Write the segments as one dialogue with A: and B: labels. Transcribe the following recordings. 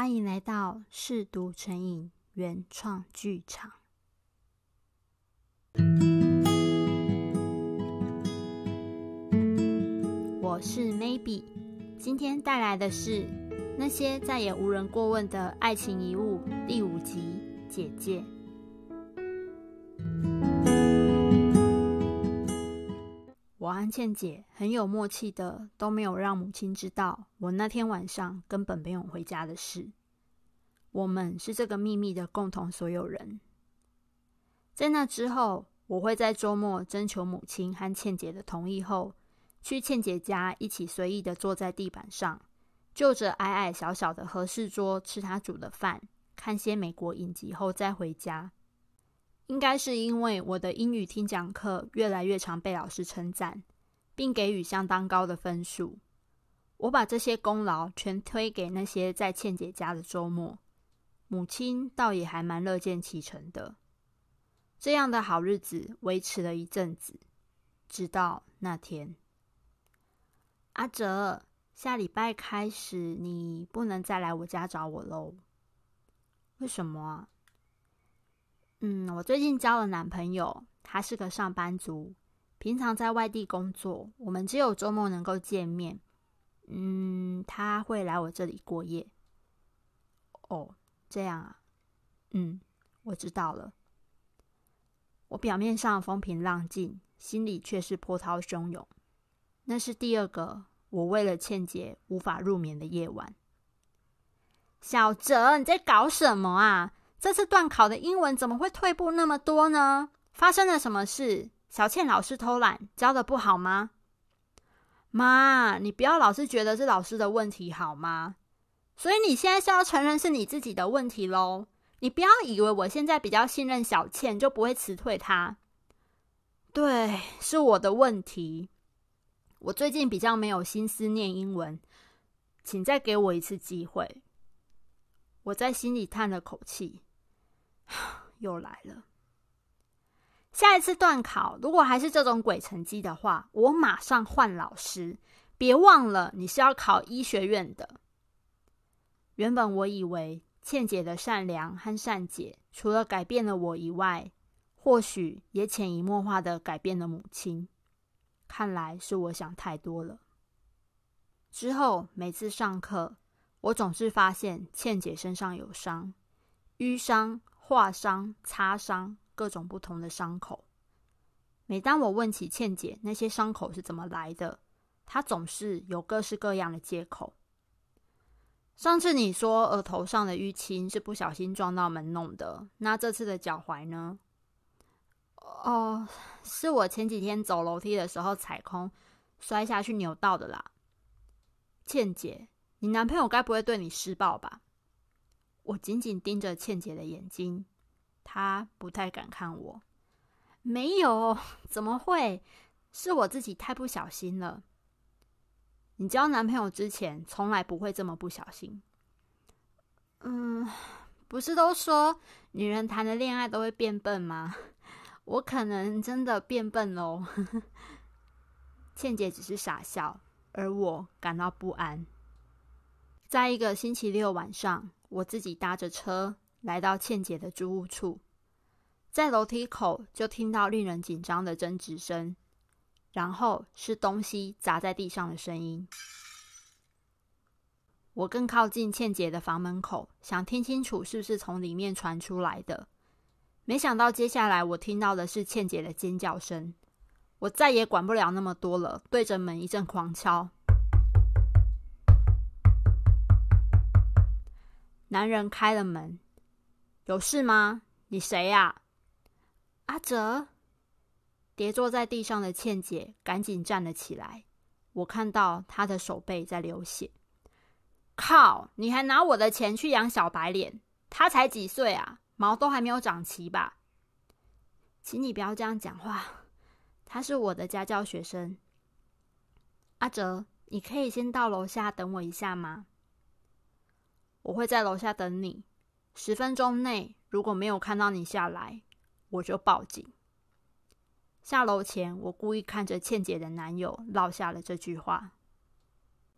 A: 歡迎來到《嗜讀成癮》原創劇場，我是 Maybe，今天帶來的是《那些再也無人過問的愛情遺物》第五集《姐姐》。我和倩姐很有默契的都沒有讓母親知道我那天晚上根本沒有回家的事。我們是這個秘密的共同所有人。在那之後，我會在周末徵求母親和倩姐的同意後，去倩姐家一起隨意的坐在地板上，就着矮矮小小的和室桌吃她煮的飯，看些美國影集後再回家。應該是因為我的英語聽講課越來越常被老師稱讚，並給予相當高的分數，我把這些功勞全推給那些在倩姐家的週末。母親倒也還蠻樂見其成的，這樣的好日子維持了一陣子，直到那天。阿哲，下禮拜開始你不能再來我家找我嘍。為什麼啊？嗯，我最近交了男朋友，他是個上班族，平常在外地工作，我們只有周末能夠見面。嗯，他會來我這裡過夜。哦，這樣啊。嗯，我知道了。我表面上風平浪靜，心裡卻是波濤洶湧。那是第二個，我為了倩姐無法入眠的夜晚。小哲，你在搞什麼啊？這次段考的英文怎麼會退步那麼多呢？發生了什麼事？小倩老師偷懶，教得不好嗎？媽，你不要老是覺得是老師的問題好嗎？所以你現在是要承認是你自己的問題嘍？你不要以為我現在比較信任小倩，就不會辭退她。對，是我的問題。我最近比較沒有心思念英文，請再給我一次機會。我在心裡嘆了口氣。又來了！下一次段考，如果還是這種鬼成績的話，我馬上換老師。別忘了，你是要考醫學院的。原本我以為倩姐的善良和善解，除了改變了我以外，或許也潛移默化的改變了母親。看來是我想太多了。之後每次上課，我總是發現倩姐身上有傷，瘀傷。劃傷、擦傷，各種不同的傷口。每當我問起倩姐那些傷口是怎麼來的，她總是有各式各樣的借口。上次你說額頭上的淤青是不小心撞到門弄的，那這次的腳踝呢？哦，是我前幾天走樓梯的時候踩空摔下去扭到的啦。倩姐，你男朋友該不會對你施暴吧？我緊緊盯着倩姐的眼睛，她不太敢看我。沒有，怎麼會？是我自己太不小心了。你交男朋友之前，從來不會這麼不小心。嗯，不是都說女人談的戀愛都會變笨嗎？我可能真的變笨嘍。倩姐只是傻笑，而我感到不安。在一個星期六晚上。我自己搭着車來到倩姐的租屋處，在樓梯口就聽到令人緊張的爭執聲，然後是東西砸在地上的聲音。我更靠近倩姐的房門口，想聽清楚是不是從裡面傳出來的。沒想到接下來我聽到的是倩姐的尖叫聲。我再也管不了那麼多了，對着門一陣狂敲。男人開了門，有事嗎？你誰呀？啊？阿哲。跌坐在地上的倩姐趕緊站了起來。我看到她的手背在流血。靠！你還拿我的錢去養小白臉？他才幾歲啊？毛都還沒有長齊吧？請你不要這樣講話。他是我的家教學生。阿哲，你可以先到樓下等我一下嗎？我會在樓下等你，十分鐘內如果沒有看到你下來，我就報警。下樓前，我故意看着倩姐的男友，落下了這句話。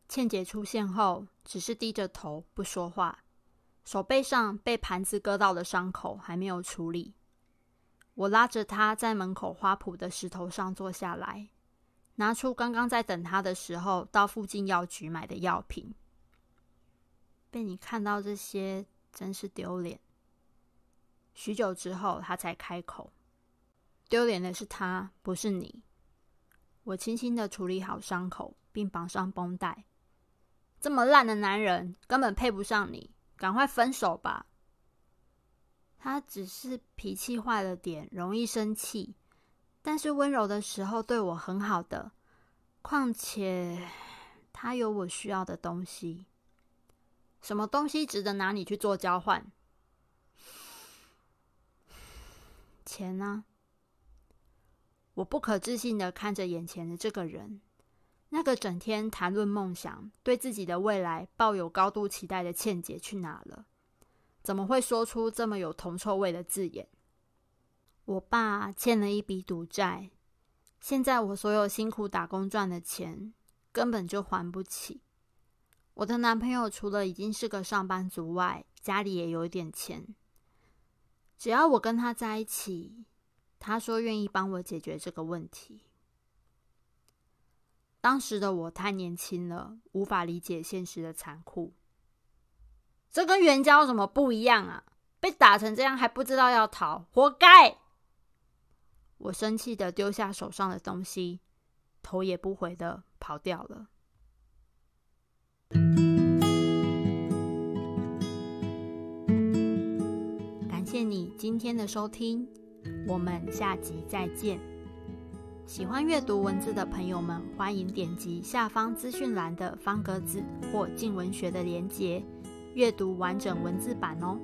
A: 倩姐出現後，只是低着頭不說話，手背上被盤子割到的傷口還沒有處理。我拉着她在門口花圃的石頭上坐下來，拿出剛剛在等她的時候到附近藥局買的藥品。被你看到這些真是丟臉。許久之後，他才開口：“丟臉的是他，不是你。”我輕輕的處理好傷口，並綁上繃帶。這麼爛的男人根本配不上你，趕快分手吧。他只是脾氣壞了點，容易生氣，但是溫柔的時候對我很好的。況且，他有我需要的東西。什麼東西值得拿你去做交換？錢呢、啊？我不可置信的看着眼前的這個人，那個整天談論夢想，對自己的未來抱有高度期待的倩姐去哪了？怎麼會說出這麼有銅臭味的字眼？我爸欠了一筆賭債，現在我所有辛苦打工賺的錢根本就還不起。我的男朋友除了已經是個上班族外，家裡也有一點錢。只要我跟他在一起，他說願意幫我解決這個問題。當時的我太年輕了，無法理解現實的殘酷。這跟援交有什麼不一樣啊？被打成這樣還不知道要逃，活該！我生氣的丟下手上的東西，頭也不回的跑掉了。謝謝你今天的收聽，我們下集再見。喜歡閱讀文字的朋友們，歡迎點擊下方資訊欄的方格子或鏡文學的鏈接，閱讀完整文字版哦。